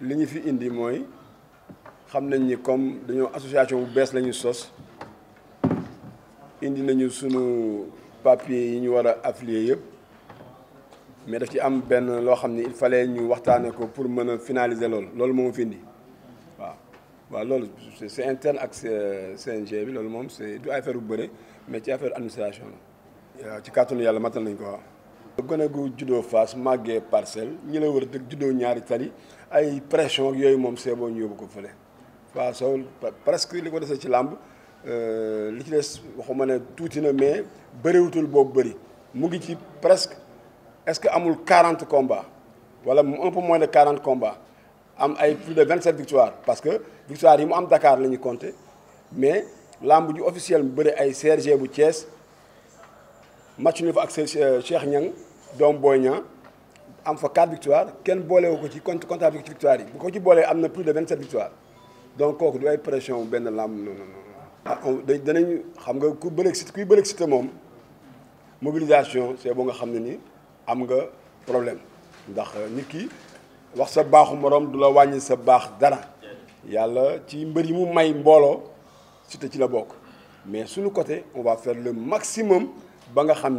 li ñu fi indi mooy xam nañ ni comme dañoo association bu bees lañu sos indi nañu sunu papier yi ñu war a affilier yëpp mais daf ci am benn loo xam ni il fale ñu waxtaane ko pour mën a finaliser loolu loolu moom fi indi waaw waaw loolu c'est interne ak CNG euh, bi loolu moom c'est du affaire bu bëre mais ci affaire administration la waaw ci kàttanu yàlla nañ ko waaw gone gu juddoo Fass màggee parcelle ñi la wër dëkk judo ñaari tali ay pression ak yoy mom seeboo ñu yóbbu ko fële waaw soo presque li ko desee ci lamb euh li ci des waxuma ne tuuti na mais wutul boobu bëri mu ngi ci presque est-ce que amul 40 combats wala un peu moins de 40 combats am ay plus de 27 victoires parce que victoire yi mu am Dakar lañu compter mais lamb ju officiel mu bëri ay Serge bu Thiès match nul fa ak Cheikh Niang doom Boy Niang am fa 4 victoires Ken Bolé ko ci comptable victoire yi bu ko ci Bolé am na plus de 27 victoires donc kooku du ay pression benn làmb non non non. Ah, danañ xam nga ku bëreeg si kuy bëreeg si te mom. mobilisation c'est boo nga xam ni am nga problème ndax euh, nit ki wax sa baaxu moroom du la wàññi sa baax dara Yalla, ci mbër yi mu may mbooloo si te ci la bok. mais suñu côté on va faire le maximum ba nga xam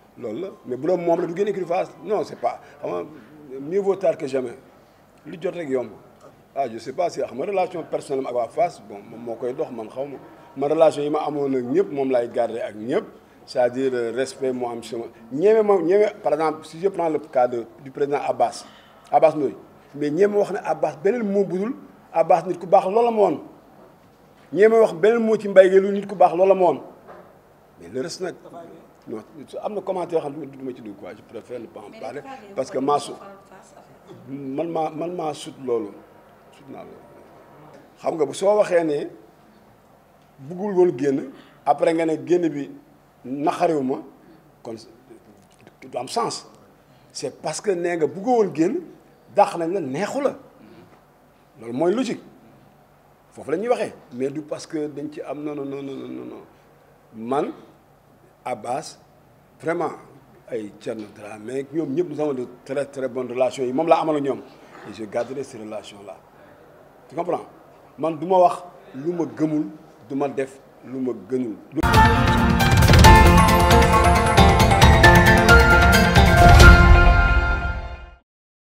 lol mais bu doon moom la du non c'est pas vraiment mieux vaut tard que jamais li jot rek yomb ah je sais pas si xam relation personnelle ak waa face, bon moom moo koy dox man xawma ma relation yi ma amoon ak ñëpp moom laay garder ak ñepp c'est-à-dire euh, respect mo am sama ñeme par exemple si je prends le cas de du président Abbas Abbas Ndoye mais ñeme wax ne Abbas benen moo budul Abbas nit ku bax loola ma woon ñeme wax benen mo ci mbay lu nit ku bax loola ma mais le reste nak non am na commentaire yoo ci dugg quoi je préfère ne pas en parler parce que maa su man maa man maa sut loolu sut xam nga bu so waxé né buggul woon génn après nga né génn bi naxariw kon du am sens c'est parce que né nga buggoo woon génn dakh na nga neexu la moy logique fofu lañuy waxé mais du parce que dañ ci am non non non non non man. Abbas vraiment ay Thierno Dramé ñoom ñëpp nous avons de très très bonnes relations yi moom laa amal ak et je garderai ces relations là tu comprends man du ma wax lu ma gëmul du def lu ma